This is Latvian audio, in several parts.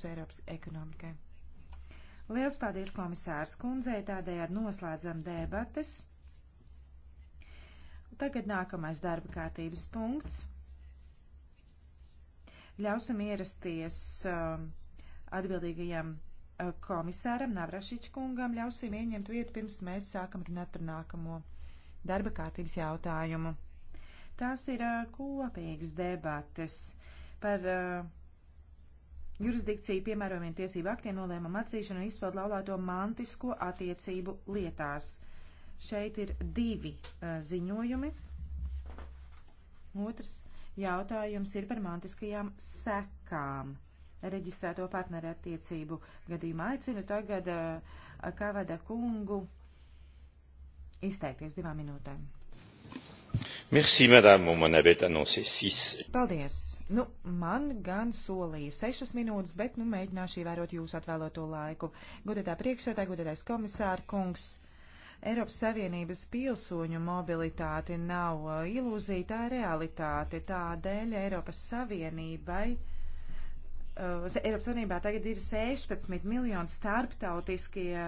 uz Eiropas ekonomikai. Liels paldies komisārs kundzei, tādējādi noslēdzam debates. Tagad nākamais darba kārtības punkts. Ļausim ierasties uh, atbildīgajam uh, komisāram Navrašič kungam, ļausim ieņemt vietu pirms mēs sākam runāt par nākamo darba kārtības jautājumu. Tās ir uh, kopīgas debates par uh, jurisdikciju piemērojumiem tiesību aktiem nolēmumu atzīšanu un izpildu laulāto mantisko attiecību lietās. Šeit ir divi uh, ziņojumi. Otrs jautājums ir par mantiskajām sekām. Reģistrēto partneru attiecību gadījumā aicinu tagad uh, Kavada kungu izteikties divām minūtēm. Merci, madame, on m'en avait annoncé six. Paldies. Nu, man gan solīja sešas minūtes, bet nu, mēģināšu ievērot jūsu atvēloto laiku. Godētā priekšsētāja, godētais komisāra kungs. Eiropas Savienības pilsoņu mobilitāte nav uh, ilūzija, tā ir realitāte. Tādēļ Eiropas Savienībai Uh, Eiropas Savienībā tagad ir 16 miljoni starptautiskie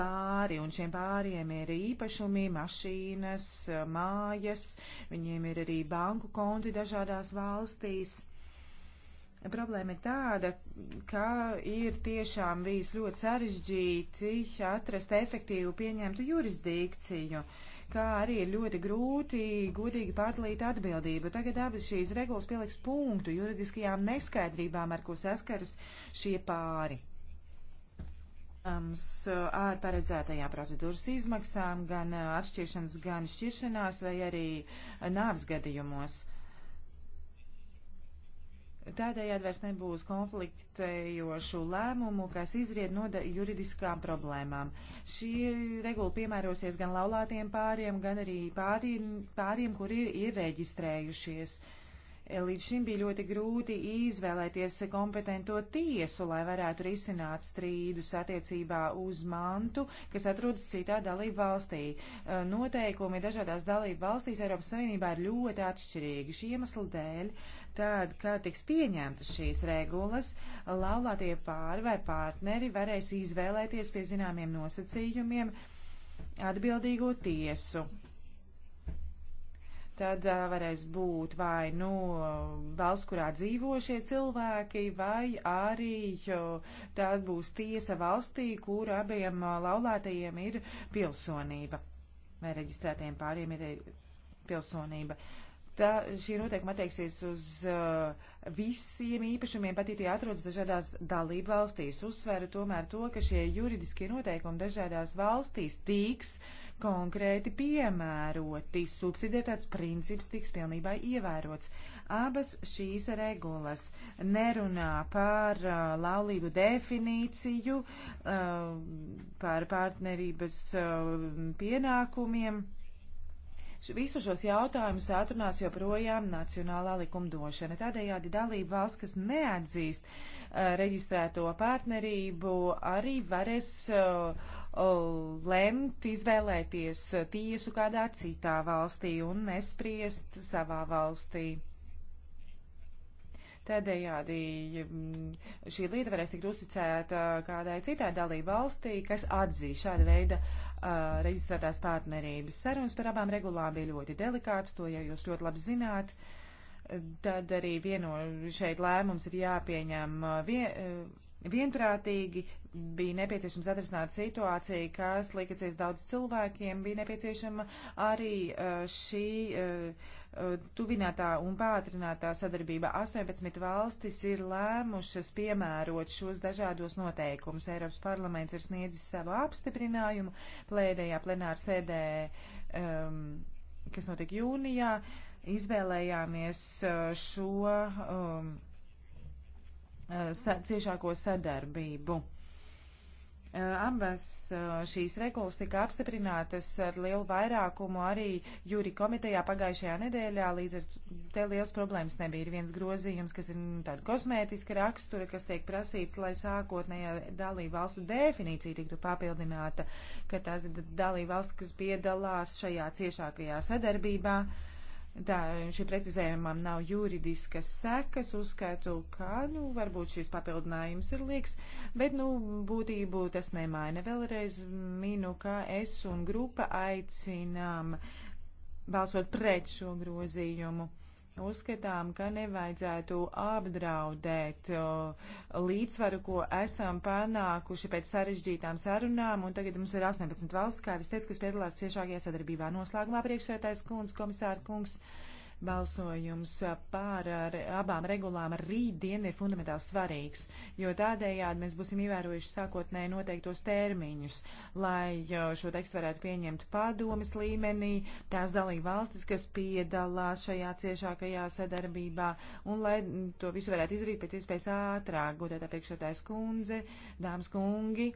pāri, un šiem pāriem ir īpašumi, mašīnas, mājas, viņiem ir arī banku konti dažādās valstīs. Problēma ir tāda, ka ir tiešām bijis ļoti sarežģīti atrast efektīvu pieņemtu jurisdikciju. Uh, kā arī ir ļoti grūti godīgi pārdalīt atbildību. Tagad abas šīs regulas pieliks punktu juridiskajām neskaidrībām, ar ko saskaras šie pāri. Mums ar paredzētajām procedūras izmaksām gan atšķiršanas, gan šķiršanās vai arī nāvs gadījumos. Tādējādi vairs nebūs konfliktējošu lēmumu, kas izried no juridiskām problēmām. Šī regula piemērosies gan laulātiem pāriem, gan arī pāriem, pāriem kuri ir, ir reģistrējušies. Uh, Eh, līdz šim bija ļoti grūti izvēlēties kompetento tiesu, lai varētu risināt strīdus attiecībā uz mantu, kas atrodas citā dalību valstī. Eh, noteikumi dažādās dalību valstīs Eiropas Savienībā ir ļoti atšķirīgi. Šī iemesla dēļ, tad, kad tiks pieņemtas šīs regulas, laulātie pāri vai partneri varēs izvēlēties pie zināmiem nosacījumiem atbildīgo tiesu tad uh, varēs būt vai nu valsts, kurā dzīvo šie cilvēki, vai arī tā būs tiesa valstī, kur abiem laulātajiem ir pilsonība, vai reģistrētajiem pāriem ir pilsonība. Tā, šī noteikuma attieksies uz uh, visiem īpašumiem, pat ja tie atrodas dažādās dalību valstīs. Uzsveru tomēr to, ka šie juridiskie noteikumi dažādās valstīs tiks uh, konkrēti piemēroti. Subsidietāts princips tiks pilnībā ievērots. Abas šīs regulas nerunā par uh, laulību definīciju, uh, par partnerības uh, pienākumiem. Visu šos jautājumus atrunās joprojām nacionālā likumdošana. Tādējādi dalība valsts, kas neatzīst uh, reģistrēto partnerību, arī varēs uh, uh, lemt, izvēlēties tiesu kādā citā valstī un nespriest savā valstī. Tādējādi mm, šī lieta varēs tikt uzticēta kādai citai dalību valstī, kas atzīs šāda veida uh, reģistrētās partnerības. Sarunas par abām regulām bija ļoti delikāts, to jau jūs ļoti labi zināt. Tad arī vieno šeit lēmums ir jāpieņem vien, Vienprātīgi bija nepieciešams atrisināt situāciju, kas liekacies daudz cilvēkiem, bija nepieciešama arī eh, šī eh, eh, tuvinātā un pātrinātā sadarbība. 18 valstis ir lēmušas piemērot šos dažādos noteikumus. Eiropas parlaments ir sniedzis savu apstiprinājumu plēdējā plenāra sēdē, um, kas notiek jūnijā. Izvēlējāmies šo. Um, Uh, sa ciešāko sadarbību. Uh, Ambas uh, šīs regulas tika apstiprinātas ar lielu vairākumu arī jūri komitejā pagājušajā nedēļā, līdz ar te liels problēmas nebija. Ir viens grozījums, kas ir tāda kosmētiska rakstura, kas tiek prasīts, lai sākotnējā dalība valstu definīcija tiktu papildināta, ka tās ir dalība valsts, kas piedalās šajā ciešākajā sadarbībā. Uh, Tā, šī precizējumam nav juridiskas sekas, uzskatu, ka, nu, varbūt šis papildinājums ir liekas, bet, nu, būtību tas nemaina. Vēlreiz minu, ka es un grupa aicinām balsot pret šo grozījumu. Uzskatām, ka nevajadzētu apdraudēt līdzsvaru, ko esam panākuši pēc sarežģītām sarunām, un tagad mums ir 18 valsts, kā es teicu, kas piedalās ciešākajā sadarbībā. Noslēgumā priekšsētājs kundz, komisāra kungs. Komisār, kungs Balsojums pār abām regulām rītdien ir fundamentāli svarīgs, jo tādējādi mēs būsim ievērojuši sākotnēji noteiktos termiņus, lai šo tekstu varētu pieņemt padomas līmenī, tās dalība valstis, kas piedalās šajā ciešākajā sadarbībā, un lai to visu varētu izrīt pēc iespējas ātrāk, godētā priekšētājs kundze, dāmas kungi.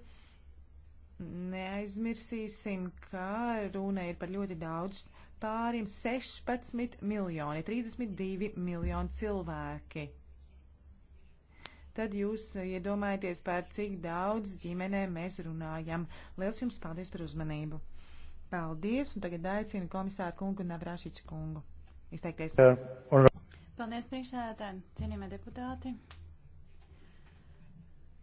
Neaizmirsīsim, ka runa ir par ļoti daudz pārim 16 miljoni, 32 miljoni cilvēki. Tad jūs iedomājieties, par cik daudz ģimenēm mēs runājam. Liels jums paldies par uzmanību. Paldies, un tagad aicinu komisāru kungu Navrāšiču kungu. Izteikties. Paldies, priekšsēdētāji, cienījamie deputāti.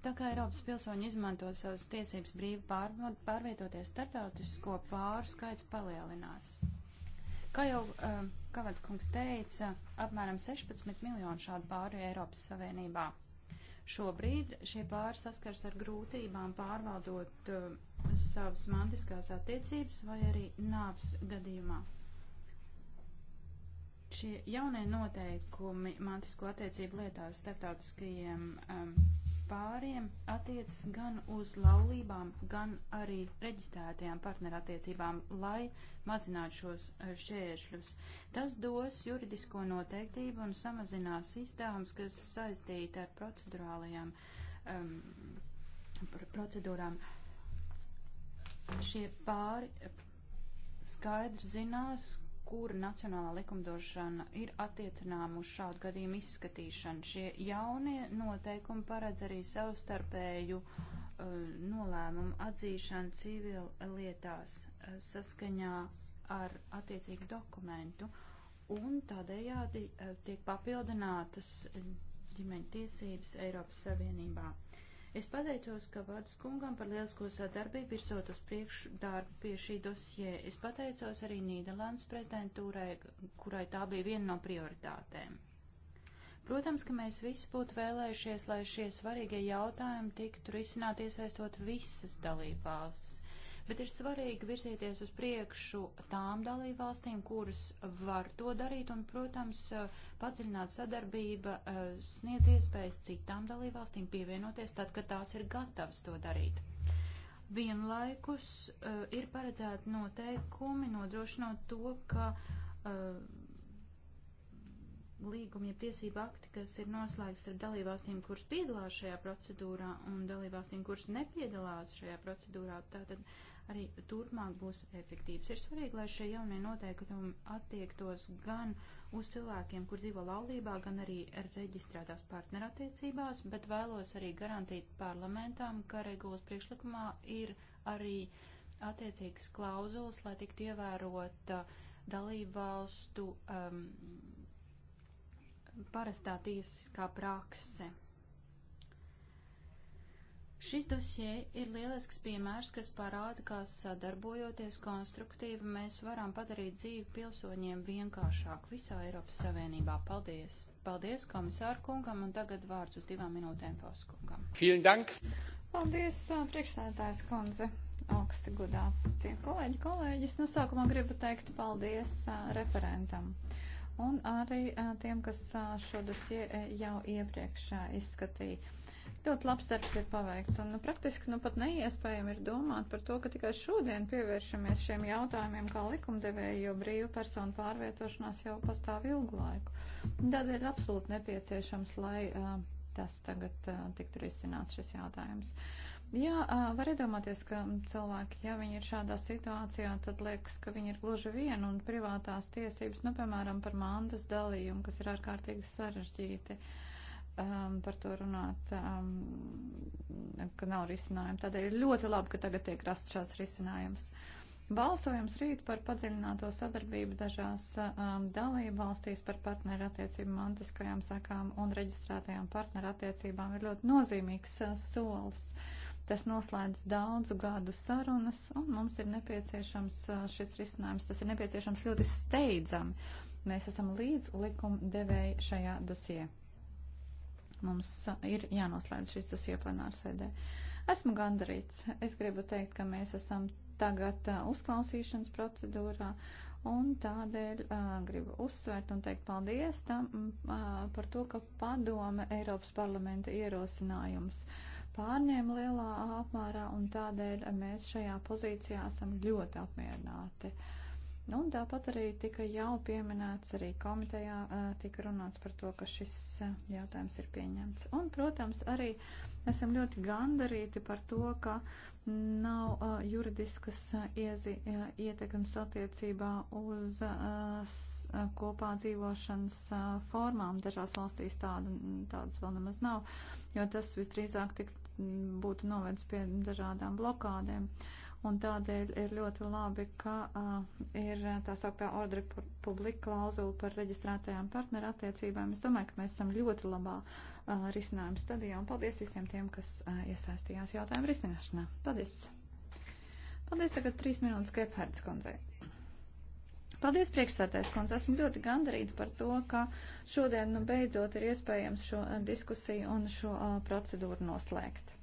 Tā kā Eiropas pilsoņi izmanto savas tiesības brīvi pārvietoties starptautisko pāru skaits palielinās. Kā jau uh, eh, Kavats kungs teica, apmēram 16 miljonu šādu pāri Eiropas Savienībā. Šobrīd šie pāri saskars ar grūtībām pārvaldot uh, savas mantiskās attiecības vai arī nāvs gadījumā. Šie jaunie noteikumi mantisko attiecību lietās starptautiskajiem um, pāriem attiecas gan uz laulībām, gan arī reģistrētajām partnerattiecībām, lai mazinātu šos eh, šķēršļus. Tas dos juridisko noteiktību un samazinās izdevumus, kas saistīti ar procedurālajām um, procedūrām. Šie pāri skaidri zinās, kura nacionālā likumdošana ir attiecināma uz šādu gadījumu izskatīšanu. Šie jaunie noteikumi paredz arī savstarpēju uh, nolēmumu atzīšanu civil lietās uh, saskaņā ar attiecīgu dokumentu, un tādējādi uh, tiek papildinātas uh, ģimeņa tiesības Eiropas Savienībā. Uh, Es pateicos Kavādas kungam par lielisko sadarbību virsot uz priekšu darbu pie šī dosjē. Es pateicos arī Nīderlandes prezidentūrai, kurai tā bija viena no prioritātēm. Protams, ka mēs visi būtu vēlējušies, lai šie svarīgie jautājumi tiktu risināti iesaistot visas dalībvalstis bet ir svarīgi virzīties uz priekšu tām dalībvalstīm, kuras var to darīt, un, protams, padziļināt sadarbība eh, sniedz iespējas citām dalībvalstīm pievienoties tad, kad tās ir gatavas to darīt. Vienlaikus uh, ir paredzēti noteikumi nodrošinot to, ka uh, līgumi, ja tiesība akti, kas ir noslēgts ar dalībvalstīm, kuras piedalās šajā procedūrā un dalībvalstīm, kuras nepiedalās šajā procedūrā, tātad arī turpmāk būs efektīvas. Ir svarīgi, lai šie jaunie noteikumi attiektos gan uz cilvēkiem, kur dzīvo laulībā, gan arī reģistrētās partnerattiecībās, bet vēlos arī garantīt parlamentām, ka regulas priekšlikumā ir arī attiecīgas klauzulas, lai tiktu ievērota uh, dalību valstu um, parastā tiesiskā prakse. Šis dosie ir lielisks piemērs, kas parāda, kā sadarbojoties konstruktīvi mēs varam padarīt dzīvi pilsoņiem vienkāršāku visā Eiropas Savienībā. Paldies! Paldies komisāru kungam un tagad vārds uz divām minūtēm Faust kungam. Dank. Paldies, priekšsētājs kundze, augsti godātie kolēģi, kolēģis. No sākumā gribu teikt paldies referentam un arī tiem, kas šo dosie jau iepriekš izskatīja Ļoti labs darbs ir paveikts, un nu, praktiski nu, pat neiespējami ir domāt par to, ka tikai šodien pievēršamies šiem jautājumiem kā likumdevēji, jo brīvu personu pārvietošanās jau pastāv ilgu laiku. Tādēļ ir absolūti nepieciešams, lai uh, tas tagad uh, tiktu risināts šis jautājums. Jā, uh, var iedomāties, ka cilvēki, ja viņi ir šādā situācijā, tad liekas, ka viņi ir gluži viena un privātās tiesības, nu, piemēram, par mandas dalījumu, kas ir ārkārtīgi sarežģīti. Uh, um, par to runāt, um, ka nav risinājumu. Tādēļ ir ļoti labi, ka tagad tiek rasts šāds risinājums. Balsojums rīt par padziļināto sadarbību dažās um, dalību valstīs par partnerattiecību mantiskajām sakām un reģistrētajām partnerattiecībām ir ļoti nozīmīgs uh, solis. Tas noslēdz daudzu gadu sarunas, un mums ir nepieciešams uh, šis risinājums. Tas ir nepieciešams ļoti steidzami. Mēs esam līdz likumdevēji šajā dosijā. Mums ir jānoslēdz šis tas ieplenārs sēdē. Esmu gandarīts. Es gribu teikt, ka mēs esam tagad uzklausīšanas procedūrā un tādēļ uh, gribu uzsvērt un teikt paldies tam uh, par to, ka padome Eiropas parlamenta ierosinājums pārņēma lielā apmērā un tādēļ mēs šajā pozīcijā esam ļoti apmierināti. Uh, Nu, un tāpat arī tika jau pieminēts arī komitejā, tika runāts par to, ka šis jautājums ir pieņemts. Un, protams, arī esam ļoti gandarīti par to, ka nav juridiskas iezi, ietekmes attiecībā uz kopā dzīvošanas formām. Dažās valstīs tādu, tādas vēl nemaz nav, jo tas visdrīzāk tik būtu novedis pie dažādām blokādēm. Uh, Un tādēļ ir ļoti labi, ka uh, ir tā sauktā ordre publika klauzula par reģistrētajām partnerattiecībām. Es domāju, ka mēs esam ļoti labā uh, risinājuma stadijā. Un paldies visiem tiem, kas uh, iesaistījās jautājumu risināšanā. Paldies! Paldies tagad trīs minūtes Gephards kundzei. Paldies, priekšstādājs kundze. Esmu ļoti gandarīta par to, ka šodien nu, beidzot ir iespējams šo diskusiju un šo uh, procedūru noslēgt.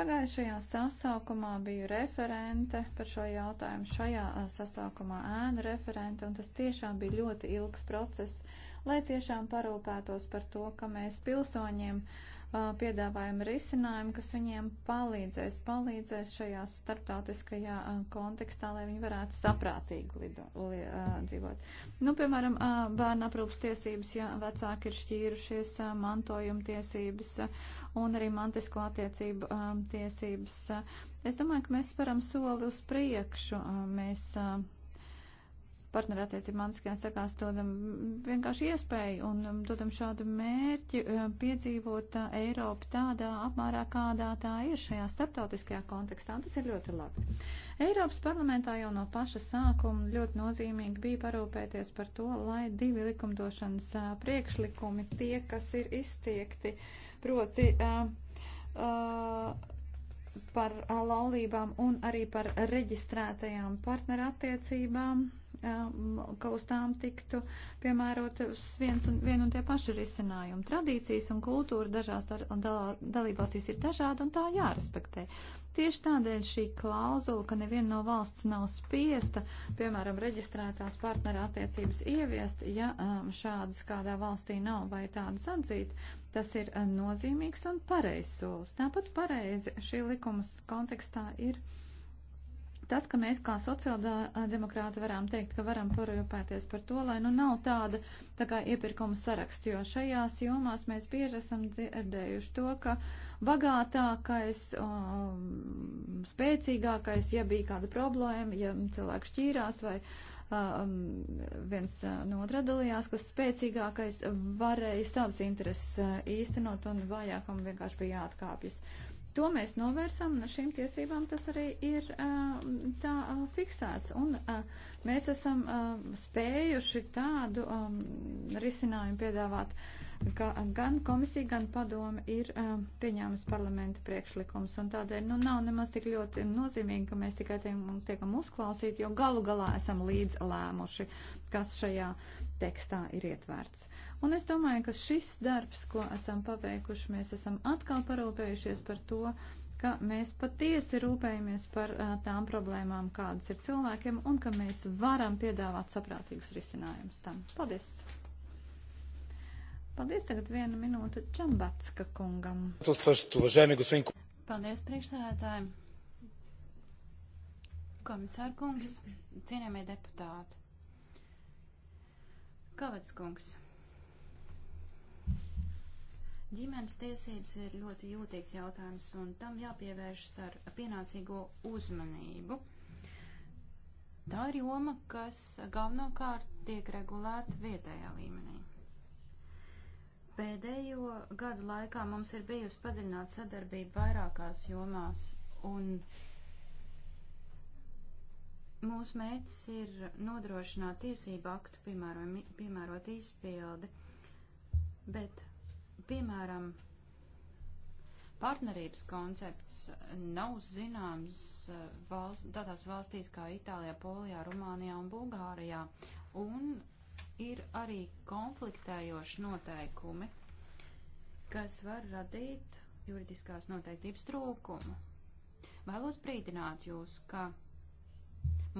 Pagājušajā sasaukumā biju referente par šo jautājumu, šajā sasaukumā ēna referente, un tas tiešām bija ļoti ilgs process, lai tiešām parūpētos par to, ka mēs pilsoņiem uh, piedāvājam risinājumu, kas viņiem palīdzēs, palīdzēs šajā starptautiskajā kontekstā, lai viņi varētu saprātīgi lido, li, dzīvot. Nu, piemēram, bērnu aprūpas tiesības, ja vecāki ir šķīrušies, mantojuma tiesības un arī mantisko attiecību tiesības. Es domāju, ka mēs param soli uz priekšu. Mēs partnerattiecībām sakās, dodam vienkārši iespēju un um, dodam šādu mērķi uh, piedzīvot uh, Eiropu tādā apmērā, kādā tā ir šajā starptautiskajā kontekstā. Un tas ir ļoti labi. Eiropas parlamentā jau no paša sākuma ļoti nozīmīgi bija parūpēties par to, lai divi likumdošanas uh, priekšlikumi, tie, kas ir izstiekti, proti. Uh, uh, par laulībām un arī par reģistrētajām partnerattiecībām Um, ka uz tām tiktu piemērot viens un, vien un tie paši risinājumi. Tradīcijas un kultūra dažās dalībvalstīs ir dažāda un tā jārespektē. Tieši tādēļ šī klauzula, ka neviena no valsts nav spiesta, piemēram, reģistrētās partnera attiecības ieviest, ja um, šādas kādā valstī nav vai tādas atzīt, tas ir uh, nozīmīgs un pareizs solis. Tāpat pareizi šī likums kontekstā ir tas, ka mēs kā sociāldemokrāti varam teikt, ka varam parūpēties par to, lai nu nav tāda tā kā iepirkuma saraksts, jo šajās jomās mēs bieži esam dzirdējuši to, ka bagātākais, um, spēcīgākais, ja bija kāda problēma, ja cilvēks šķīrās vai um, viens uh, no otra dalījās, kas spēcīgākais varēja savas intereses uh, īstenot un vājākam vienkārši bija jāatkāpjas. Uh, To mēs novērsām, un ar šīm tiesībām tas arī ir uh, tā uh, fiksēts. Un uh, mēs esam uh, spējuši tādu um, risinājumu piedāvāt, ka gan komisija, gan padome ir uh, pieņēmusi parlamenta priekšlikums, un tādēļ nu, nav nemaz tik ļoti nozīmīgi, ka mēs tikai tiekam uzklausīti, jo galu galā esam līdz lēmuši, kas šajā tekstā ir ietverts. Uh, Un es domāju, ka šis darbs, ko esam paveikuši, mēs esam atkal parūpējušies par to, ka mēs patiesi rūpējamies par uh, tām problēmām, kādas ir cilvēkiem, un ka mēs varam piedāvāt saprātīgus risinājumus tam. Paldies! Paldies tagad viena minūte Čambatska kungam. Paldies priekšsēdētājiem. Komisār kungs, cienījamie deputāti. Kavats kungs. Ģimenes tiesības ir ļoti jūtīgs jautājums, un tam jāpievēršas ar pienācīgo uzmanību. Tā ir joma, kas galvenokārt tiek regulēta vietējā līmenī. Pēdējo gadu laikā mums ir bijusi padziļināta sadarbība vairākās jomās, un mūsu mērķis ir nodrošināt tiesību aktu piemērot izpildi, bet Piemēram, partnerības koncepts nav zināms eh, valst, tādās valstīs kā Itālijā, Polijā, Rumānijā un Bulgārijā, un ir arī konfliktējoši noteikumi, kas var radīt juridiskās noteiktības trūkumu. Vēlos brīdināt jūs, ka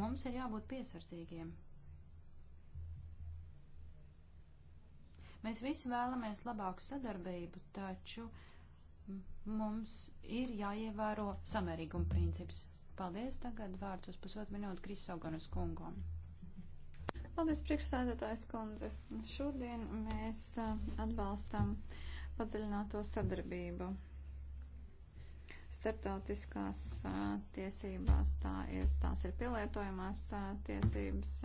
mums ir jābūt piesardzīgiem Mēs visi vēlamies labāku sadarbību, taču mums ir jāievēro samērīguma princips. Paldies, tagad vārds uz pusotru minūtu Krisoganas kungam. Paldies, priekšsēdētājs kundze. Šodien mēs atbalstam padziļināto sadarbību. Startautiskās tiesībās tā ir, tās ir pielietojamās tiesības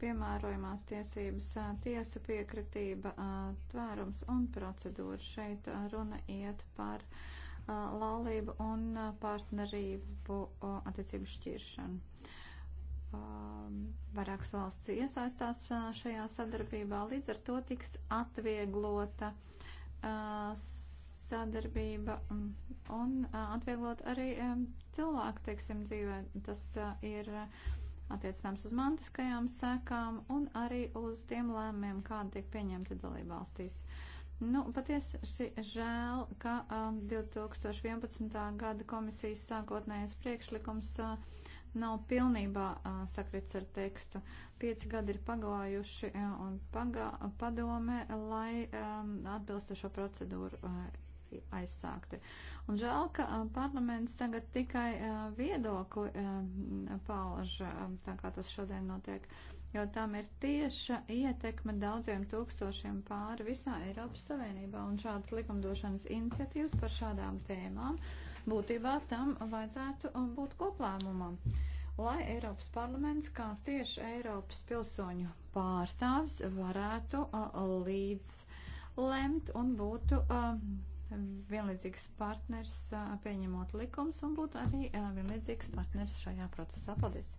piemērojumās tiesības tiesa piekritība, tvērums un procedūra. Šeit runa iet par laulību un partnerību attiecību šķiršanu. Vairākas valsts iesaistās šajā sadarbībā, līdz ar to tiks atvieglota sadarbība un atvieglot arī cilvēku, teiksim, dzīvē. Tas ir uh, attiecināms uz mantiskajām sekām un arī uz tiem lēmumiem, kādi tiek pieņemti dalībvalstīs. Nu, patiesi žēl, ka um, 2011. gada komisijas sākotnējais priekšlikums uh, nav pilnībā uh, sakrits ar tekstu. Pieci gadi ir pagājuši uh, un pagā, padome, lai um, atbilstošo procedūru uh, aizsākti. Un žēl, ka parlaments tagad tikai viedokli pauž, tā kā tas šodien notiek, jo tam ir tieša ietekme daudziem tūkstošiem pāri visā Eiropas Savienībā. Un šādas likumdošanas iniciatīvas par šādām tēmām būtībā tam vajadzētu būt koplēmumam lai Eiropas parlaments kā tieši Eiropas pilsoņu pārstāvis varētu a, līdz lemt un būtu a, vienlīdzīgs partners pieņemot likums un būtu arī vienlīdzīgs partners šajā procesā. Paldies!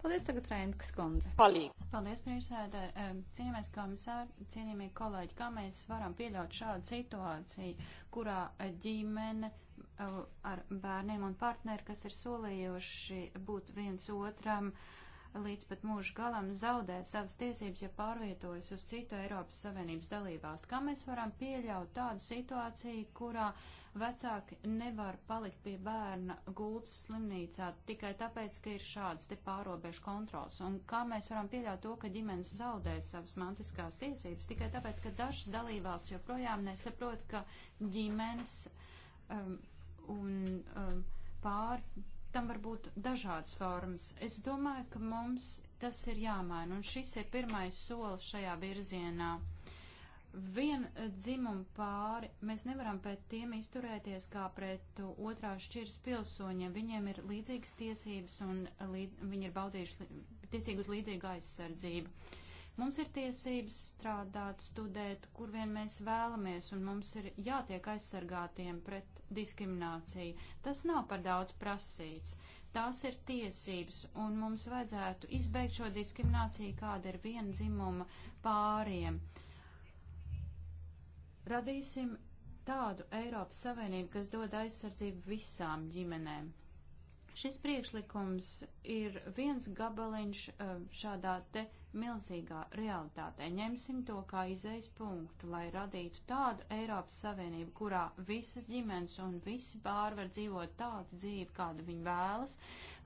Paldies tagad Rēnkas kundze. Palīgi. Paldies, priekšsēdē. Cienījamais komisār, cienījamie kolēģi, kā mēs varam pieļaut šādu situāciju, kurā ģimene ar bērniem un partneri, kas ir solījuši būt viens otram, uh, līdz pat mūža galam zaudē savas tiesības, ja pārvietojas uz citu Eiropas Savienības dalībvalstu. Kā mēs varam pieļaut tādu situāciju, kurā vecāki nevar palikt pie bērna gultas slimnīcā tikai tāpēc, ka ir šāds te pārobežu kontrols? Un kā mēs varam pieļaut to, ka ģimenes zaudē savas mantiskās tiesības tikai tāpēc, ka dažas dalībvalsts joprojām nesaprot, ka ģimenes um, un um, pār Tam var būt dažādas formas. Es domāju, ka mums tas ir jāmaina, un šis ir pirmais solis šajā virzienā. Vien eh, dzimumu pāri mēs nevaram pret tiem izturēties kā pret otrā šķiras pilsoņiem. Viņiem ir līdzīgas tiesības un līd, viņi ir baudījuši tiesīgus līdzīgu aizsardzību. Mums ir tiesības strādāt, studēt, kur vien mēs vēlamies, un mums ir jātiek aizsargātiem pret diskrimināciju. Tas nav par daudz prasīts. Tās ir tiesības, un mums vajadzētu izbeigt šo diskrimināciju, kāda ir viena dzimuma pāriem. Radīsim tādu Eiropas Savienību, kas dod aizsardzību visām ģimenēm. Šis priekšlikums ir viens gabaliņš eh, šādā te milzīgā realitātē. Ņemsim to kā izejas punktu, lai radītu tādu Eiropas Savienību, kurā visas ģimenes un visi pāri var dzīvot tādu dzīvi, kādu viņi vēlas,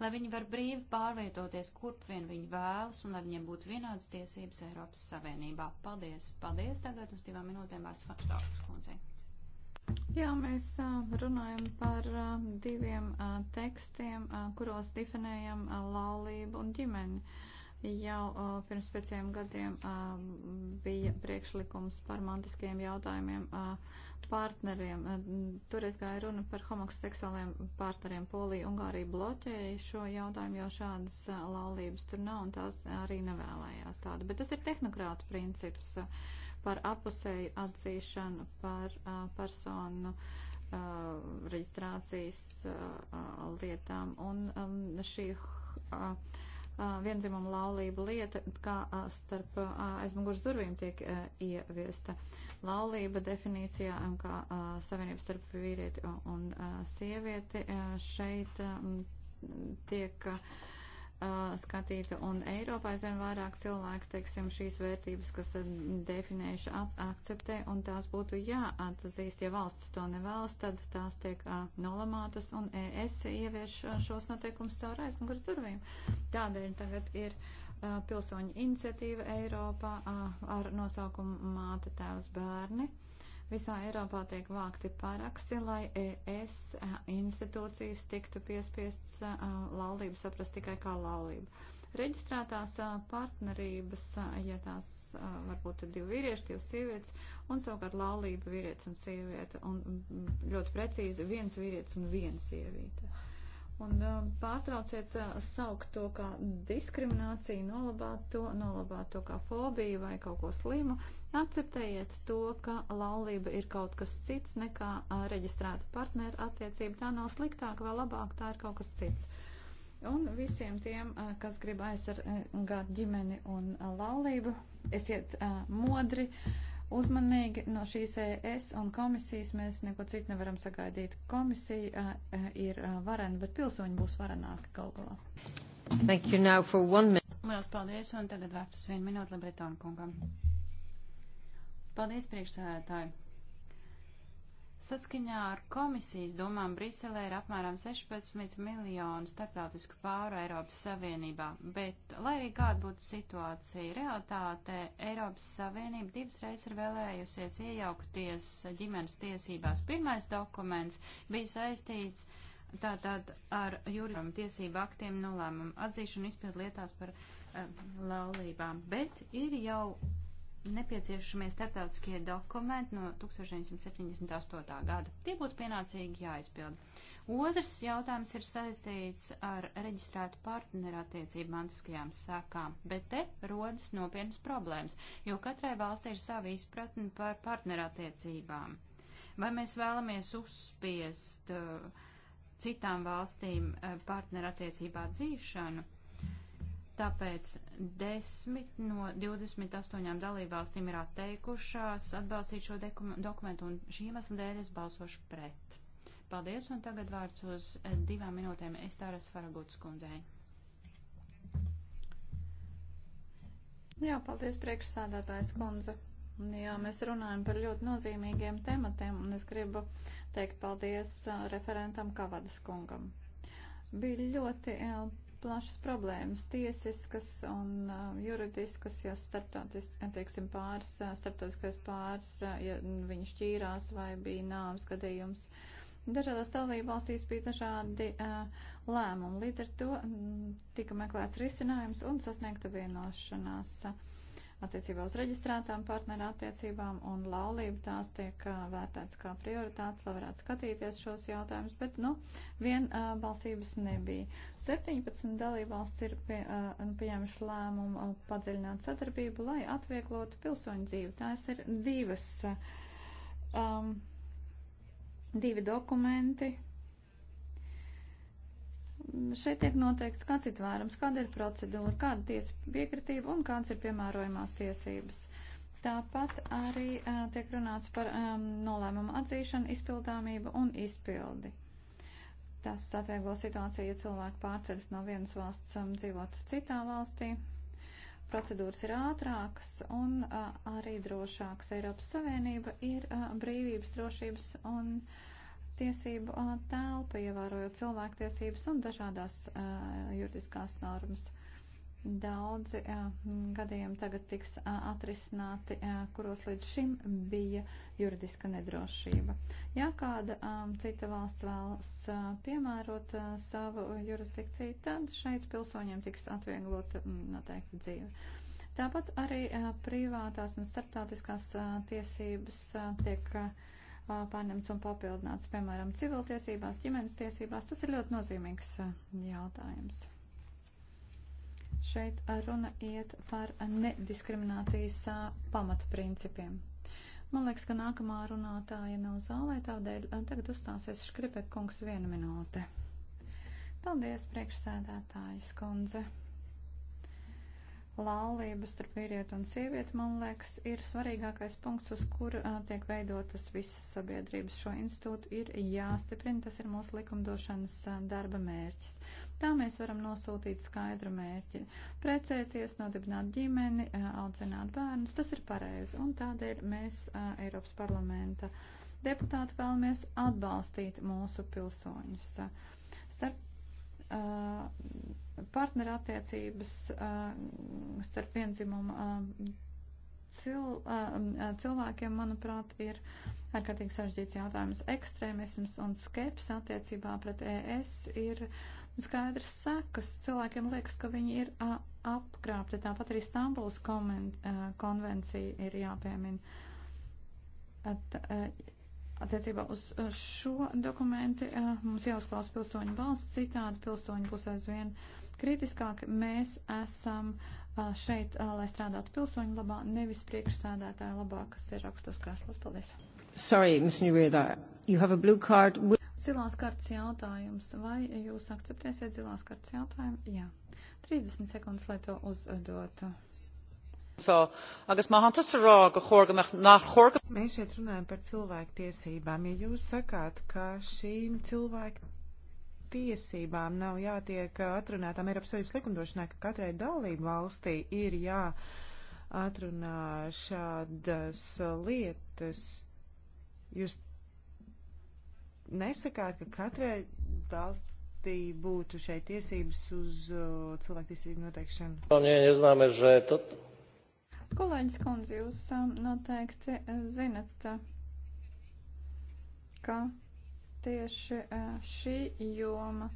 lai viņi var brīvi pārvietoties, kurp vien viņi vēlas, un lai viņiem būtu vienādas tiesības Eiropas Savienībā. Paldies! Paldies! Tagad uz divām minūtēm vārds Fakstāvas kundzei. Jā, mēs runājam par diviem tekstiem, kuros definējam laulību un ģimeni. Jau uh, pirms pieciem gadiem uh, bija priekšlikums par mantiskiem jautājumiem uh, partneriem. Uh, toreiz gāja runa par homoseksuāliem partneriem. Polija Ungārija bloķēja šo jautājumu, jo šādas uh, laulības tur nav un tās arī nevēlējās tādu. Bet tas ir tehnokrāta princips uh, par apusēju atzīšanu, par uh, personu. Uh, reģistrācijas uh, uh, lietām. Un um, šī uh, vienzimuma laulība lieta, kā starp aizmugurs durvīm tiek ieviesta. Laulība definīcijā, kā savienība starp vīrieti un sievieti, šeit tiek uh, skatīta, un Eiropā aizvien vairāk cilvēku, teiksim, šīs vērtības, kas definējuši at, akceptē, un tās būtu jāatzīst. Ja valsts to nevēlas, tad tās tiek uh, nolamātas, un ES ievieš uh, šos noteikumus caur aizmugures durvīm. Tādēļ tagad ir uh, pilsoņu iniciatīva Eiropā uh, ar nosaukumu Māte tēvs bērni. Uh, Visā Eiropā tiek vākti paraksti, lai ES institūcijas tiktu piespiests laulību saprast tikai kā laulību. Reģistrētās partnerības, ja tās varbūt ir divi vīrieši, divas sievietes, un savukārt laulība vīrietis un sieviete, un ļoti precīzi viens vīrietis un viena sieviete un pārtrauciet saukt to kā diskrimināciju, nolabāt to, nolabāt to kā fobiju vai kaut ko slimu. Akceptējiet to, ka laulība ir kaut kas cits nekā reģistrēta partneru attiecība. Tā nav sliktāka vai labāka, tā ir kaut kas cits. Un visiem tiem, kas grib aizsargāt ģimeni un laulību, esiet modri. Uh, uzmanīgi no šīs ES un komisijas mēs neko citu nevaram sagaidīt. Komisija ir varena, bet pilsoņi būs varenāki galu galā. Thank you now for one minute. Lielas paldies, un tagad vērts uz vienu minūti Lebretonu kungam. Paldies, priekšsēdētāji. Saskaņā ar komisijas domām Briselē ir apmēram 16 miljonu starptautisku pāru Eiropas Savienībā, bet, lai arī kāda būtu situācija realitātē, Eiropas Savienība divas reizes ir vēlējusies iejaukties ģimenes tiesībās. Pirmais dokuments bija saistīts tātad ar juridiskiem tiesību aktiem nolēmumu atzīšanu izpildu lietās par uh, laulībām, bet ir jau nepieciešamie starptautiskie dokumenti no 1978. gada. Tie būtu pienācīgi jāizpilda. Otrs jautājums ir saistīts ar reģistrētu partneru attiecību mantiskajām sakām, bet te rodas nopietnas problēmas, jo katrai valstī ir sava izpratne par partneru attiecībām. Vai mēs vēlamies uzspiest uh, citām valstīm uh, partneru attiecībā dzīšanu? Tāpēc 10 no 28 dalībvalstīm ir atteikušās atbalstīt šo dokumentu, un šī iemesla dēļ es balsošu pret. Paldies, un tagad vārds uz divām minūtēm Estāras Faragutas kundzei. Jā, paldies, priekšsādātājs kundze. Jā, mēs runājam par ļoti nozīmīgiem tematiem, un es gribu teikt paldies uh, referentam Kavadas kungam. Bija ļoti uh, plašas problēmas, tiesiskas un uh, juridiskas, ja teiksim, pāris, uh, starptautiskais pāris, uh, ja viņš šķīrās vai bija nāves gadījums. Dažādās dalībvalstīs bija dažādi uh, lēmumi. Līdz ar to m, mm, tika meklēts risinājums un sasniegta vienošanās. Uh, attiecībā uz reģistrētām partneru attiecībām un laulību tās tiek vērtēts kā prioritātes, lai varētu skatīties šos jautājumus, bet, nu, vien uh, balsības nebija. 17 dalībvalsts ir pie, uh, nu, pieņemši lēmumu uh, padziļināt sadarbību, lai atvieglotu pilsoņu dzīvi. Tās ir divas. Um, Divi dokumenti, Šeit tiek noteikts, kāds ir tvērums, kāda ir procedūra, kāda tiesa piekritība un kāds ir piemērojumās tiesības. Tāpat arī uh, tiek runāts par um, nolēmumu atzīšanu, izpildāmību un izpildi. Tas atvieglo situāciju, ja cilvēki pārceļas no vienas valsts um, dzīvot citā valstī. Procedūras ir ātrākas un uh, arī drošākas. Eiropas Savienība ir uh, brīvības, drošības un uh, tiesību uh, telpa, ievērojot cilvēktiesības un dažādās uh, juridiskās normas. Daudzi uh, gadījumi tagad tiks atrisināti, kuros līdz šim bija juridiska nedrošība. Ja kāda um, cita valsts vēlas piemērot savu jurisdikciju, tad šeit pilsoņiem tiks atvieglota mm, noteikti dzīve. Tāpat arī privātās un starptautiskās tiesības tiek. A, pārņemts un papildināts, piemēram, civiltiesībās, ģimenes tiesībās. Tas ir ļoti nozīmīgs eh, jautājums. Šeit eh, runa iet par nediskriminācijas eh, pamatprincipiem. Man liekas, ka nākamā runātāja nav zālē, tādēļ tagad uzstāsies Škripek kungs vienu minūte. Paldies, priekšsēdētājas kundze laulības starp vīrieti un sievieti, man liekas, ir svarīgākais punkts, uz kur uh, tiek veidotas visas sabiedrības. Šo institūtu ir jāstiprina, tas ir mūsu likumdošanas uh, darba mērķis. Tā mēs varam nosūtīt skaidru mērķi - precēties, nodibināt ģimeni, uh, audzināt bērnus. Tas ir pareizi, un tādēļ mēs uh, Eiropas parlamenta deputāti vēlamies atbalstīt mūsu pilsoņus. Uh, starp Uh, partnerattiecības uh, starp vienzimumu uh, cil, um, cilvēkiem, manuprāt, ir ārkārtīgi sarežģīts jautājums. Ekstrēmisms un skeps attiecībā pret ES ir skaidrs sekas. Cilvēkiem liekas, ka viņi ir apkrāpti. Tāpat arī Stambuls konvencija ir jāpiemina. At, Attiecībā uz uh, šo dokumenti uh, mums jāuzklās pilsoņu balsts, citādi pilsoņi būs aizvien kritiskāki. Mēs esam uh, šeit, lai strādātu pilsoņu labā, nevis priekšsēdētāju labā, kas ir rakstos krēslos. Paldies. Sorry, Ms. Nirida, you have a blue card. Zilās kartas jautājums. Vai jūs akceptēsiet zilās kartas jautājumu? Jā. 30 sekundes, lai to uzdotu. Mēs šeit runājam par cilvēktiesībām. Ja jūs sakāt, ka šīm cilvēku tiesībām nav jātiek uh, atrunātām Eiropas Savienības likumdošanā, ka katrai dalību valstī ir jāatrunā šādas lietas, jūs nesakāt, ka katrai valstī būtu šeit tiesības uz uh, cilvēktiesību noteikšanu? Kolēģis kundze, jūs um, noteikti eh, zinat, eh, ka tieši eh, šī joma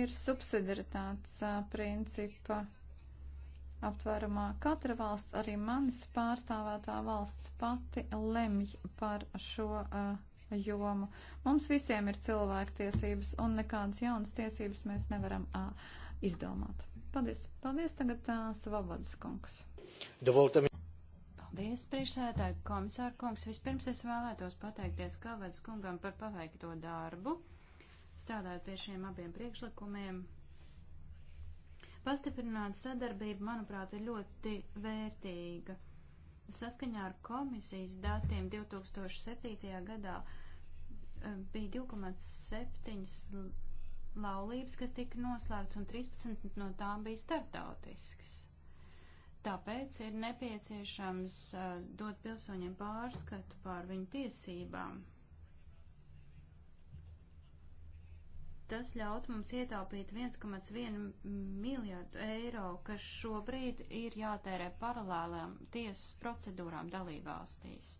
ir subsidiaritātes principa aptvērumā. Katra valsts, arī manis pārstāvētā valsts pati lemj par šo uh, jomu. Mums visiem ir cilvēktiesības un nekādas jaunas tiesības mēs nevaram uh, izdomāt. Paldies. Paldies tagad uh, Savadas kungs. Dovolte mi. Paldies, priekšsēdētāji, komisāra kungs. Vispirms es vēlētos pateikties Kavadas kungam par paveikto darbu, strādājot pie šiem abiem priekšlikumiem. Pastiprināta sadarbība, manuprāt, ir ļoti vērtīga. Saskaņā ar komisijas datiem 2007. gadā bija 2,7 laulības, kas tika noslēgts, un 13 no tām bija startautiskas. Tāpēc ir nepieciešams uh, dot pilsoņiem pārskatu pār viņu tiesībām. Tas ļaut mums ietaupīt 1,1 miljārdu eiro, kas šobrīd ir jātērē paralēlām tiesas procedūrām dalībvalstīs.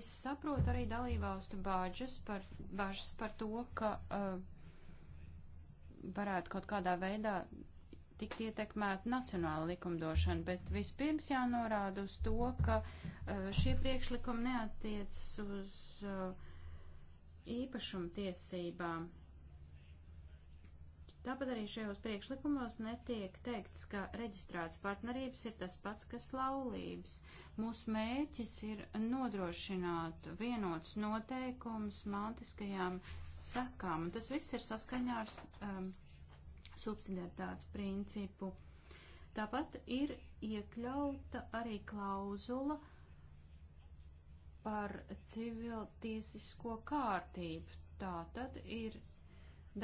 Es saprotu arī dalībvalstu bāžas par, bāžas par to, ka uh, varētu kaut kādā veidā tikt ietekmēta nacionāla likumdošana, bet vispirms jānorāda uz to, ka uh, šie priekšlikumi neatiec uz uh, īpašumtiesībām. Tāpat arī šajos priekšlikumos netiek teikts, ka reģistrēts partnerības ir tas pats, kas laulības. Mūsu mērķis ir nodrošināt vienots noteikums mantiskajām sakām. Un tas viss ir saskaņā ar um, subsidiaritātes principu. Tāpat ir iekļauta arī klauzula par civiltiesisko kārtību. Tā tad ir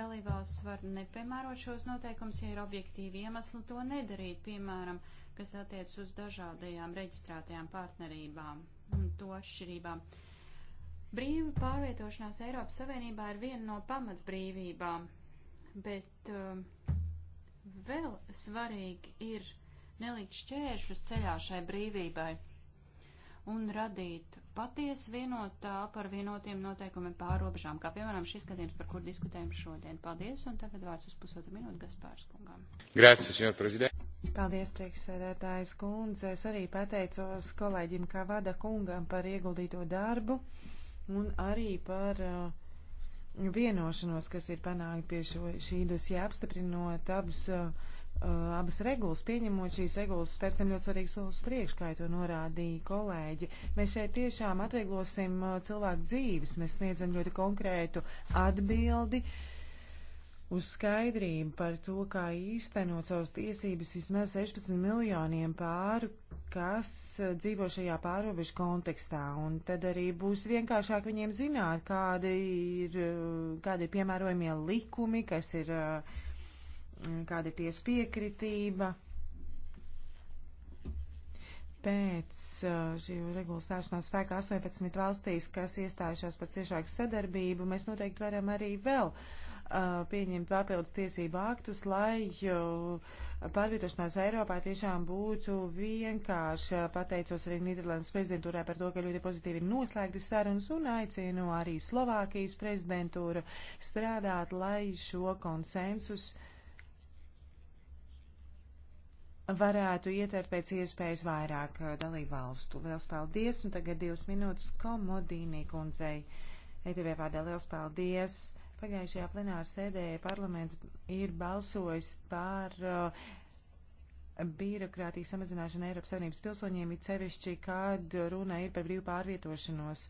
dalībvalsts var nepiemērot šos noteikumus, ja ir objektīvi iemesli to nedarīt, piemēram, kas attiec uz dažādajām reģistrētajām partnerībām un to atšķirībām. Uh, Brīva pārvietošanās Eiropas Savienībā ir viena no pamatbrīvībām, bet um, vēl svarīgi ir nelikt šķēršļus ceļā šai brīvībai un radīt patiesi vienotā par vienotiem noteikumiem pārobežām, kā piemēram šis skatījums, par kur diskutējam šodien. Paldies, un tagad vārds uz pusotru minūtu Gaspārs kungam. Grācis, jums prezident. Paldies, priekšsēdētājs kundze. Es arī pateicos kolēģim Kavada kungam par ieguldīto darbu un arī par uh, vienošanos, kas ir panākta pie šo, šī dosija apstiprinot abus, uh, uh, abas regulas, pieņemot šīs regulas, spērsim ļoti svarīgu solis priekš, kā to norādīja kolēģi. Mēs šeit tiešām atvieglosim cilvēku dzīves, mēs sniedzam ļoti konkrētu atbildi uz skaidrību par to, kā īstenot savas tiesības vismaz 16 miljoniem pāru kas eh, dzīvo šajā pārobežu kontekstā, un tad arī būs vienkāršāk viņiem zināt, kādi ir, eh, kādi ir piemērojamie likumi, kas ir, eh, kāda ir ties piekritība. Pēc šī regulas stāšanās spēkā 18 valstīs, kas iestājušās par ciešāku sadarbību, mēs noteikti varam arī vēl uh, pieņemt papildus tiesību aktus, lai pārvietošanās Eiropā tiešām būtu vienkārši. Pateicos arī Nīderlandes prezidentūrā par to, ka ļoti pozitīvi ir noslēgti sarunas un aicinu arī Slovākijas prezidentūru strādāt, lai šo konsensus varētu ietvert pēc iespējas vairāk dalību valstu. Liels paldies, un tagad divas minūtes komodīnī kundzei. ETV vārdā liels paldies! Pagājušajā plenāra sēdē parlaments ir balsojis par uh, birokrātijas samazināšanu Eiropas Savienības pilsoņiem, it sevišķi, kad runa ir par brīvu pārvietošanos.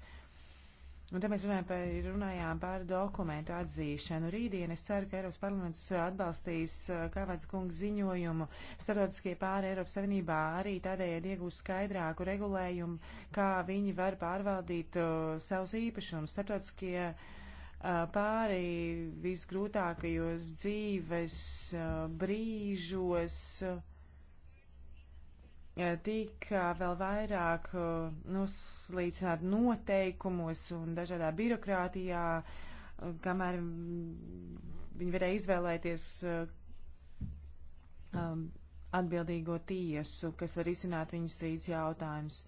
Un te mēs runājam par, runājām par dokumentu atzīšanu. Rītdien es ceru, ka Eiropas parlaments atbalstīs uh, Kavads kungs ziņojumu starptautiskie pāri Eiropas Savienībā arī tādējādi iegūs skaidrāku regulējumu, kā viņi var pārvaldīt uh, savus īpašumus. Starptautiskie uh, pāri visgrūtākajos dzīves brīžos tika vēl vairāk noslīcināt noteikumos un dažādā birokrātijā, kamēr viņi varēja izvēlēties atbildīgo tiesu, kas var izsināt viņu strīdus jautājumus.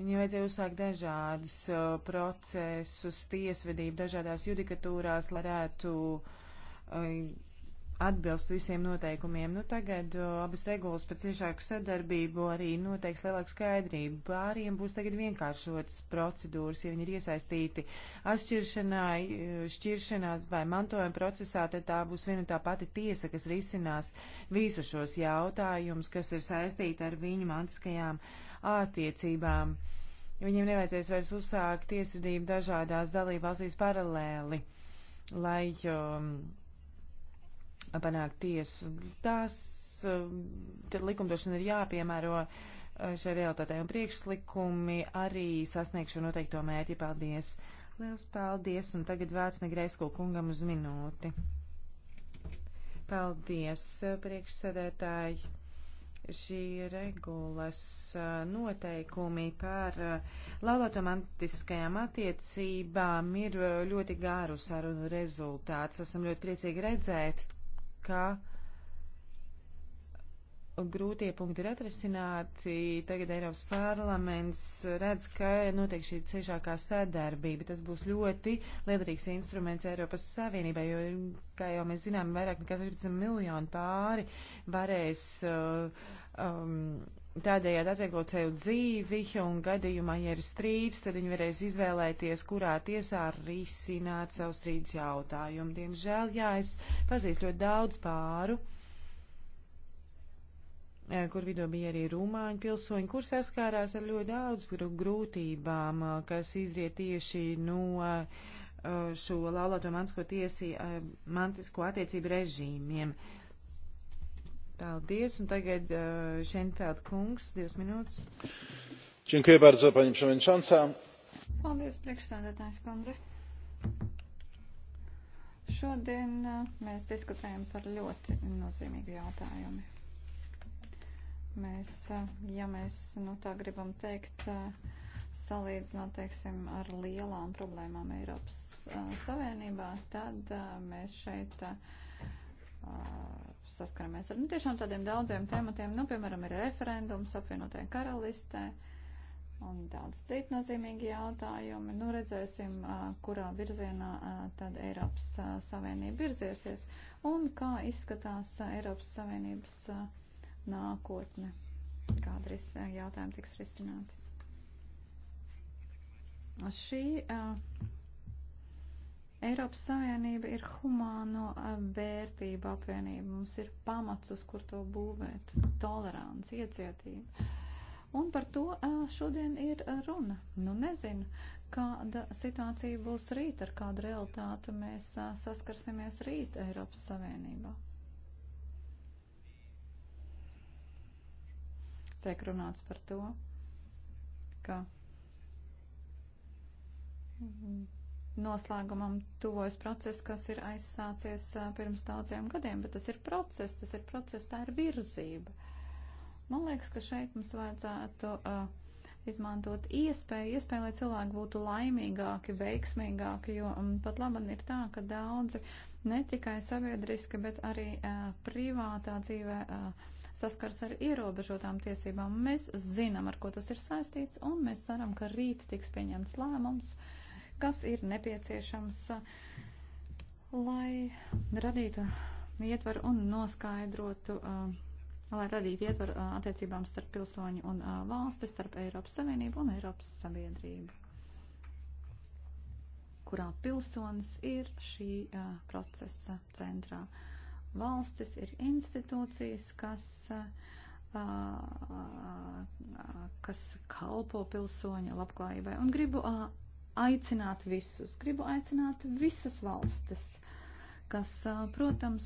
Viņai vajadzēja uzsākt dažādas uh, procesus, tiesvedību dažādās judikatūrās, lai varētu uh, atbilst visiem noteikumiem. Nu, tagad o, uh, abas regulas par ciešāku sadarbību arī noteiks lielāku skaidrību. Pāriem būs tagad vienkāršotas procedūras, ja viņi ir iesaistīti atšķiršanā, uh, šķiršanās vai mantojuma procesā, tad tā būs viena tā pati tiesa, kas risinās visu šos jautājumus, kas ir saistīti ar viņu mantiskajām attiecībām. Viņiem nevajadzēs vairs uzsākt tiesvedību dažādās dalībvalstīs paralēli, lai um, panāktu tiesu. Tās um, likumdošana ir jāpiemēro uh, šai realitātei un priekšlikumi arī sasniegšu noteikto mērķi. Paldies! Liels paldies! Un tagad vārds Negreisko kungam uz minūti. Paldies, priekšsēdētāji! šī regulas noteikumi par laulātomantiskajām attiecībām ir ļoti gāru sarunu rezultāts. Esam ļoti priecīgi redzēt, ka grūtie punkti ir atrisināti. Tagad Eiropas parlaments redz, ka notiek šī ciešākā sadarbība. Tas būs ļoti liederīgs instruments Eiropas Savienībai, jo, kā jau mēs zinām, vairāk nekā 16 miljonu pāri varēs. Uh, um, Tādējādi atvieglot sev dzīvi, un gadījumā, ja ir strīds, tad viņi varēs izvēlēties, kurā tiesā risināt savu strīdus jautājumu. Diemžēl, jā, es pazīstu ļoti daudz pāru, uh, Eh, kur vidū bija arī rumāņu pilsoņi, kur saskārās ar ļoti daudz grūtībām, eh, kas izriet tieši no eh, šo laulāto mantisko, tiesī, mantisko attiecību režīmiem. Paldies, un tagad Šenfeld kungs, divas minūtes. Dziękuję bardzo, pani przewodnicząca. Paldies, priekšsēdētājs kundze. Šodien mēs diskutējam par ļoti nozīmīgu jautājumu. Mēs, ja mēs nu, tā gribam teikt, salīdzinot, teiksim, ar lielām problēmām Eiropas Savienībā, tad mēs šeit saskaramies ar nu, tiešām tādiem daudziem tematiem, nu, piemēram, ir referendums apvienotajā karalistē un daudz citu nozīmīgi jautājumi. Nu, redzēsim, kurā virzienā tad Eiropas Savienība virziesies un kā izskatās Eiropas Savienības nākotne, kāda ris, jautājuma tiks risināti. Šī uh, Eiropas Savienība ir humāno vērtību apvienība. Mums ir pamats, uz kur to būvēt - tolerants, iecietība. Un par to šodien ir runa. Nu, nezinu, kāda situācija būs rīt, ar kādu realitāti mēs saskarsimies rīt Eiropas Savienībā. tiek runāts par to, ka noslēgumam tuvojas process, kas ir aizsācies pirms daudziem gadiem, bet tas ir process, tas ir process, tā ir virzība. Man liekas, ka šeit mums vajadzētu uh, izmantot iespēju, iespēju, lai cilvēki būtu laimīgāki, veiksmīgāki, jo um, pat labi ir tā, ka daudzi ne tikai sabiedriski, bet arī uh, privātā dzīvē uh, saskars ar ierobežotām tiesībām. Mēs zinām, ar ko tas ir saistīts, un mēs ceram, ka rīt tiks pieņemts lēmums, kas ir nepieciešams, lai radītu ietvaru un noskaidrotu. Uh, lai radītu ietvaru attiecībām starp pilsoņu un valsti, starp Eiropas Savienību un Eiropas sabiedrību, kurā pilsonis ir šī procesa centrā valstis, ir institūcijas, kas, kas kalpo pilsoņa labklājībai. Un gribu aicināt visus, gribu aicināt visas valstis kas, protams,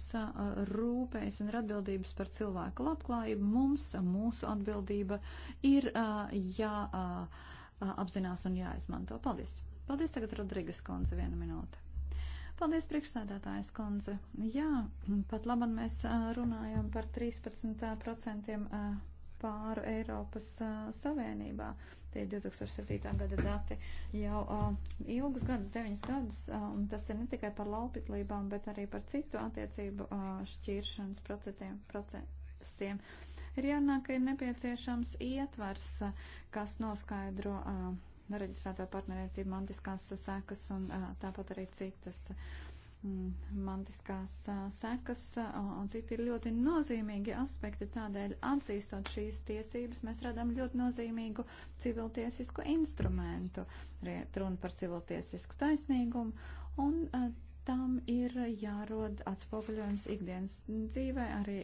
rūpējas un ir atbildības par cilvēku labklājību. Mums, mūsu atbildība ir jāapzinās un jāizmanto. Paldies! Paldies tagad Rodrigas konze vienu minūti. Paldies, priekšsēdētājs kundze. Jā, pat labam mēs runājam par 13% pāru Eiropas Savienībā. Tie 2007. gada dati jau ilgus gadus, deviņus gadus, un tas ir ne tikai par laupitlībām, bet arī par citu attiecību šķiršanas procentiem. procesiem ir jārunā, ka ir nepieciešams ietvars, kas noskaidro uh, nereģistrēto partnerniecību, mantiskās sekas un tāpat arī citas mm, mantiskās sekas un citi ir ļoti nozīmīgi aspekti. Tādēļ, atzīstot šīs tiesības, mēs radām ļoti nozīmīgu civiltiesisku instrumentu, runa par civiltiesisku taisnīgumu, un tam ir jārod atspoguļojums ikdienas dzīvē, arī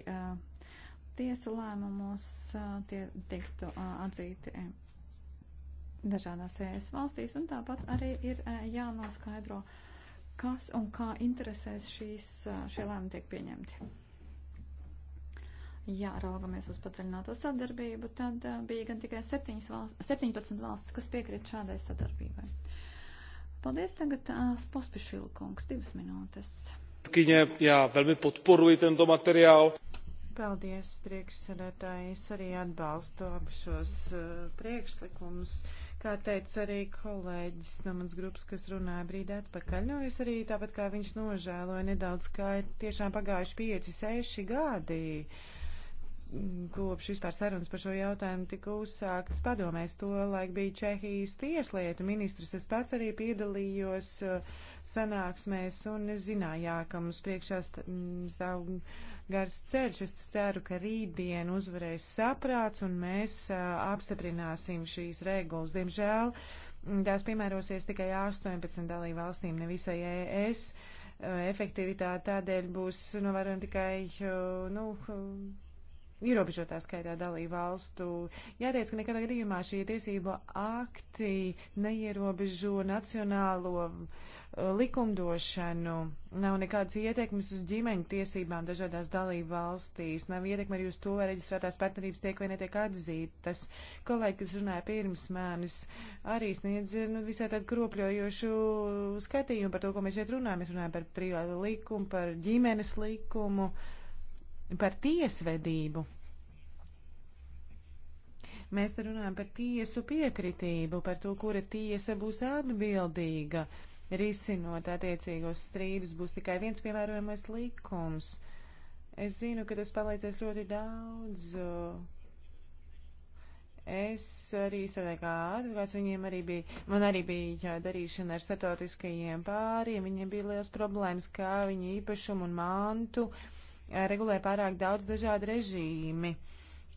tiesu lēmumos tie tiktu atzīti dažādās ES valstīs, un tāpat arī ir e, jānoskaidro, kas un kā interesēs šīs, e, šie lēmumi tiek pieņemti. Ja raugamies uz padziļināto sadarbību, tad e, bija gan tikai valsts, 17 valsts, kas piekrīt šādai sadarbībai. Paldies tagad Pospišila kungs, divas minūtes. Kiņē, jā, velmi podporuji tento materiālu. Paldies, priekšsēdētāji. Es arī atbalstu abus šos uh, priekšlikumus. Uh, Kā teica arī kolēģis no manas grupas, kas runāja brīdi atpakaļ, nu es arī tāpat kā viņš nožēloju nedaudz, ka tiešām pagājuši 5-6 gadi. Uh, kopš vispār sarunas par šo jautājumu tika uzsāktas padomēs. Tolaik bija Čehijas tieslietu ministrs. Es pats arī piedalījos uh, sanāksmēs un zinājā, ka mums priekšā stāv gars ceļš. Es ceru, ka rītdien uzvarēs saprāts un mēs uh, apstiprināsim šīs regulas. Diemžēl tās piemērosies tikai 18 dalību valstīm, nevisai ES uh, efektivitāte tādēļ būs novērojama nu, tikai nu, ierobežotā skaitā dalību valstu. Jāteic, ka nekādā gadījumā šie tiesību akti neierobežo nacionālo uh, likumdošanu, nav nekādas ietekmes uz ģimeņu tiesībām dažādās dalību valstīs, nav ietekme arī uz to, vai reģistrētās partnerības tiek vai netiek atzītas. Kolēģi, kas runāja pirms manis, arī sniedz nu, visai tādu kropļojošu skatījumu par to, ko mēs šeit runājam. Mēs runājam par privātu likumu, par ģimenes likumu. Uh, par tiesvedību. Mēs te runājam par tiesu piekritību, par to, kura tiesa būs atbildīga. Risinot attiecīgos strīdus būs tikai viens piemērojamais likums. Es zinu, ka tas palīdzēs ļoti daudz. Es arī strādāju kā advokāts, viņiem arī bija, man arī bija darīšana ar starptautiskajiem pāriem, viņiem bija liels problēmas, kā viņi īpašumu un mantu. Uh, regulē pārāk daudz dažādu režīmi.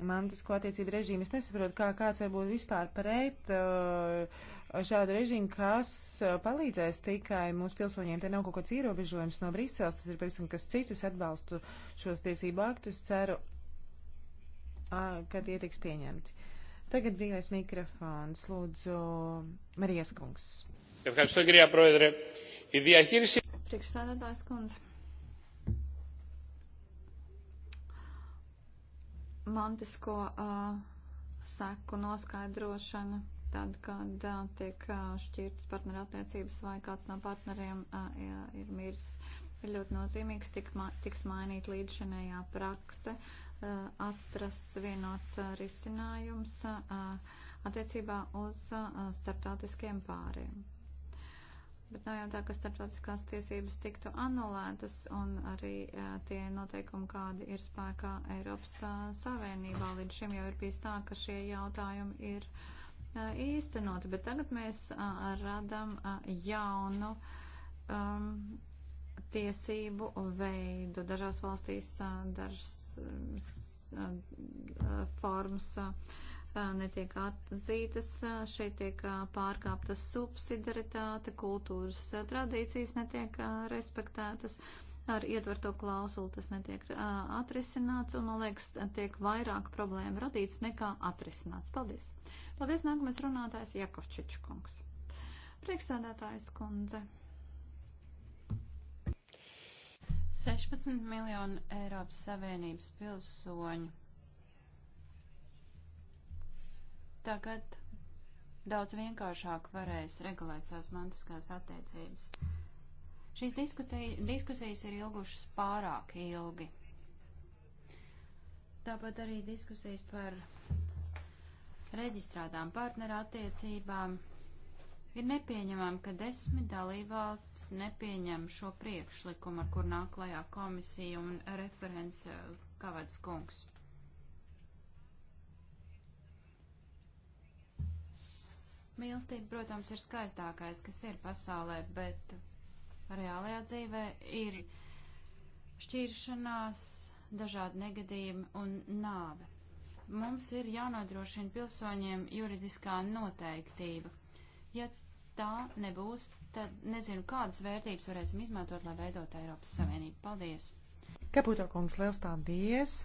Mantisko attiecību režīmu. Es nesaprotu, kā kāds var būt vispār pret uh, šādu režīmu, kas uh, palīdzēs tikai mūsu pilsoņiem. Te nav kaut kāds ierobežojums no Briseles, tas ir pavisam kas cits. Es atbalstu šos tiesību aktus, ceru, ka tie tiks pieņemti. Tagad brīvais mikrofons, lūdzu, Marijas kungs. Priekšsēdētājs kundze. mantisko uh, seku noskaidrošana, tad, kad uh, tiek uh, šķirtas partnerattiecības vai kāds no partneriem uh, jā, ir miris, ir ļoti nozīmīgs, tik ma tiks mainīt līdzšanējā prakse, uh, atrasts vienots uh, risinājums uh, attiecībā uz uh, starptautiskiem pāriem. Bet nav jau tā, ka starptautiskās tiesības tiktu anulētas un arī uh, tie noteikumi, kādi ir spēkā Eiropas uh, Savienībā. Līdz šim jau ir bijis tā, ka šie jautājumi ir uh, īstenoti, bet tagad mēs uh, radam uh, jaunu. Um, tiesību veidu. Dažās valstīs dažas formas netiek atzītas, šeit tiek pārkāpta subsidaritāte, kultūras tradīcijas netiek respektētas, ar ietverto klausulu tas netiek atrisināts, un, man liekas, tiek vairāk problēma radīts nekā atrisināts. Paldies! Paldies, nākamais runātājs Jakovčiču kungs. Priekšstādātājs kundze. 16 miljonu Eiropas Savienības pilsoņu tagad daudz vienkāršāk varēs regulēt savas mantiskās attiecības. Šīs diskusijas ir ilgušas pārāk ilgi. Tāpat arī diskusijas par reģistrētām partneru attiecībām. Ir nepieņemami, ka desmit dalībvalsts nepieņem šo priekšlikumu, ar kur nāk klajā komisija un referents eh, Kavads kungs. Mīlestība, protams, ir skaistākais, kas ir pasaulē, bet reālajā dzīvē ir šķiršanās, dažādi negadījumi un nāve. Mums ir jānodrošina pilsoņiem juridiskā noteiktība. Ja tā nebūs, tad nezinu, kādas vērtības varēsim izmantot, lai veidot Eiropas Savienību. Paldies! Kaputo kungs, liels paldies!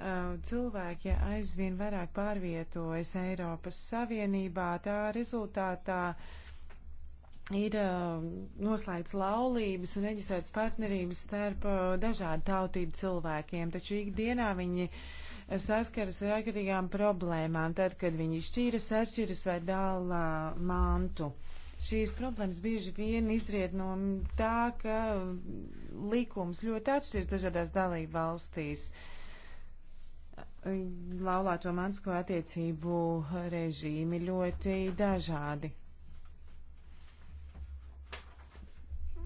Uh, cilvēki aizvien vairāk pārvietojas Eiropas Savienībā. Tā rezultātā ir uh, noslēgts laulības un reģistrētas partnerības starp uh, dažādu tautību cilvēkiem, taču ikdienā viņi saskaras ar ārkārtīgām problēmām, tad, kad viņi šķīras, atšķiras vai dala mantu. Šīs problēmas bieži vien izriet no tā, ka likums ļoti atšķiras dažādās dalību valstīs. Uh, laulāto mansko attiecību režīmi ļoti dažādi.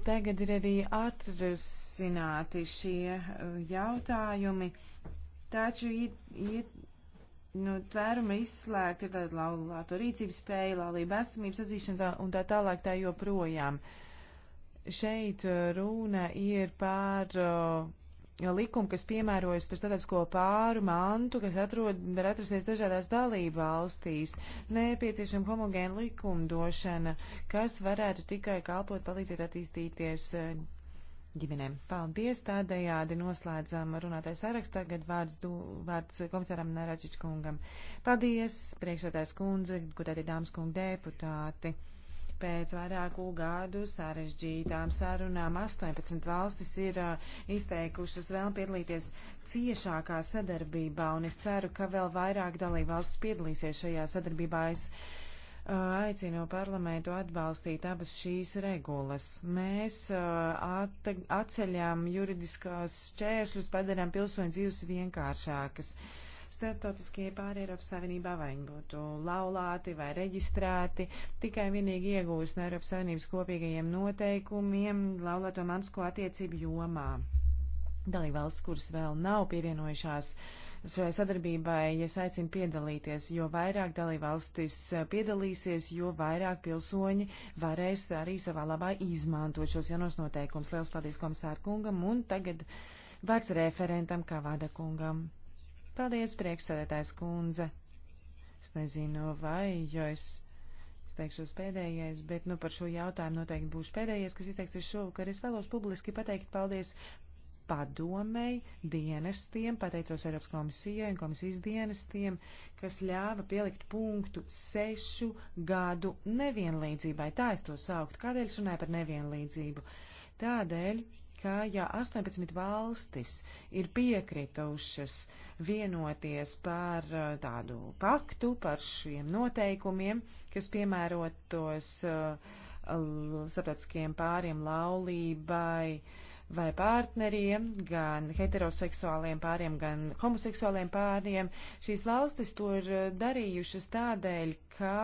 Tagad ir arī atrasināti šie eh, jautājumi, taču ir, ir nu, tvēruma izslēgta, ir tāda laulāto rīcības spēja, laulība esamības atzīšana tā, un tā tālāk tā joprojām. Šeit eh, runa ir par uh, likumi, kas piemērojas par statisko pāru mantu, kas atrod, var atrasties dažādās dalību valstīs. Nepieciešama homogēna likumdošana, kas varētu tikai kalpot palīdzēt attīstīties eh, ģimenēm. Paldies, tādējādi noslēdzam runātais sarakstu, tagad vārds, du, vārds komisāram Naračičkungam. Paldies, priekšsētājs kundze, gudētie dāmas kungi deputāti. Pēc vairāku gadu sarežģītām sarunām 18 valstis ir izteikušas vēl piedalīties ciešākā sadarbībā, un es ceru, ka vēl vairāk dalībvalstis piedalīsies šajā sadarbībā. Es aicinu parlamentu atbalstīt abas šīs regulas. Mēs atceļam juridiskās šķēršļus, padarām pilsoņu dzīves vienkāršākas starptautiskie pāri Eiropas Savienībā, vai viņi būtu laulāti vai reģistrēti, tikai vienīgi iegūst no Eiropas Savienības kopīgajiem noteikumiem laulāto mansko attiecību jomā. Dalībvalsts, kuras vēl nav pievienojušās šai sadarbībai, es aicinu piedalīties, jo vairāk dalībvalstis piedalīsies, jo vairāk pilsoņi varēs arī savā labā izmantot šos jaunos noteikumus. Lielas paldies komisāru kungam un tagad vārds referentam Kavada kungam. Paldies, priekšsēdētājs kundze. Es nezinu, vai, jo es izteikšos pēdējais, bet nu, par šo jautājumu noteikti būšu pēdējais, kas izteiksies šovakar. Es vēlos publiski pateikt paldies padomei, dienestiem, pateicos Eiropas komisijai un komisijas dienestiem, kas ļāva pielikt punktu sešu gadu nevienlīdzībai. Tā es to sauktu. Kādēļ es runāju par nevienlīdzību? Tādēļ, ka ja 18 valstis ir piekritušas vienoties par uh, tādu paktu, par šiem noteikumiem, kas piemērotos uh, starptautiskiem pāriem laulībai, uh, vai partneriem, gan heteroseksuāliem pāriem, gan homoseksuāliem pāriem. Šīs valstis to ir uh, darījušas tādēļ, ka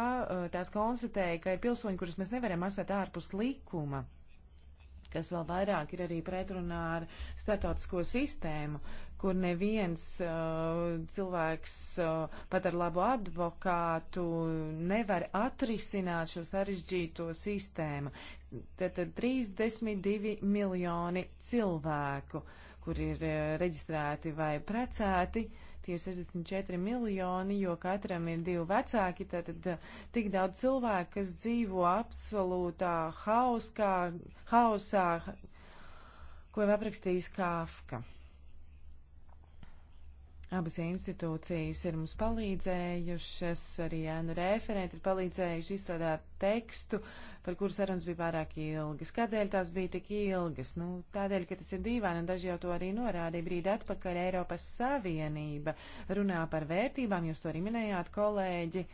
tās konstatēja, ka ir pilsoņi, kurus mēs nevaram asēt ārpus likuma kas vēl vairāk ir arī pretrunā ar startautisko sistēmu, kur neviens uh, cilvēks uh, pat ar labu advokātu nevar atrisināt šo sarežģīto sistēmu. Tad, tad 32 miljoni cilvēku, kur ir uh, reģistrēti vai precēti. Uh, Tie ir 64 miljoni, jo katram ir divi vecāki, tātad eh, tik daudz cilvēku, kas dzīvo absolūtā hauskā, hausā, ko jau aprakstījis Kāfka. Abas institūcijas ir mums palīdzējušas, arī Jānu referenti ir palīdzējuši izstrādāt tekstu, uh, par kuru sarunas bija pārāk ilgas. Kādēļ tās bija tik ilgas? Nu, tādēļ, ka tas ir dīvaini, un daži jau to arī norādīja brīdi atpakaļ. Eiropas Savienība runā par vērtībām, jūs to arī minējāt, kolēģi.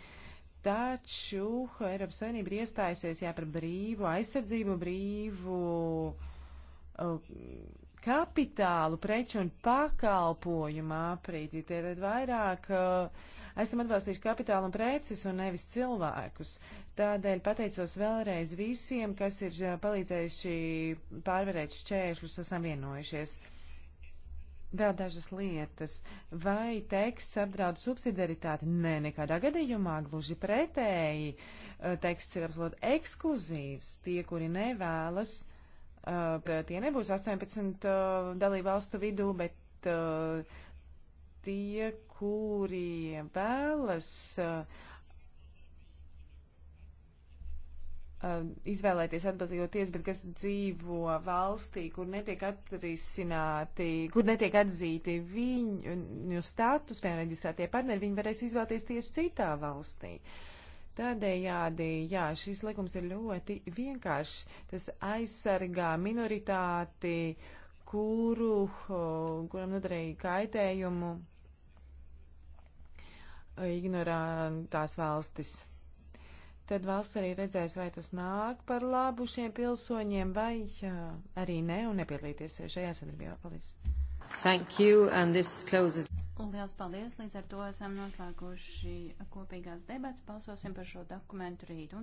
Taču Eiropas Savienība ir iestājusies jā, par brīvu aizsardzību, brīvu uh, kapitālu, preču un pakalpojumu aprītī. Tad vairāk uh, esam atbalstījuši kapitālu un preces un nevis cilvēkus. Tādēļ pateicos vēlreiz visiem, kas ir palīdzējuši pārvarēt šķēršļus, esam vienojušies. Vēl dažas lietas. Vai teksts apdraud subsidiaritāti? Nē, nekādā gadījumā, gluži pretēji. Teksts ir absolūti ekskluzīvs. Tie, kuri nevēlas, tie nebūs 18 dalību valstu vidū, bet tie, kuri vēlas Um, izvēlēties atbildīgoties, bet kas dzīvo valstī, kur netiek atrisināti, kur netiek atzīti viņu, viņu status, piemēram, reģistrētie partneri, viņi varēs izvēlēties tieši citā valstī. Tādējādi, jā, šis likums ir ļoti vienkāršs. Tas aizsargā minoritāti, kuru, kuram nodarīja kaitējumu ignorantās valstis tad valsts arī redzēs, vai tas nāk par labu šiem pilsoņiem, vai jā, arī ne, un nepiedalīties šajā sadarbībā. Paldies! Thank you, and this closes. Un liels paldies, līdz ar to esam noslēguši kopīgās debats, balsosim par šo dokumentu rīt.